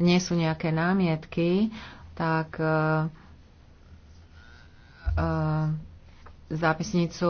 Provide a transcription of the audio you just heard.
nie sú nejaké námietky, tak eh, eh, zápisnicu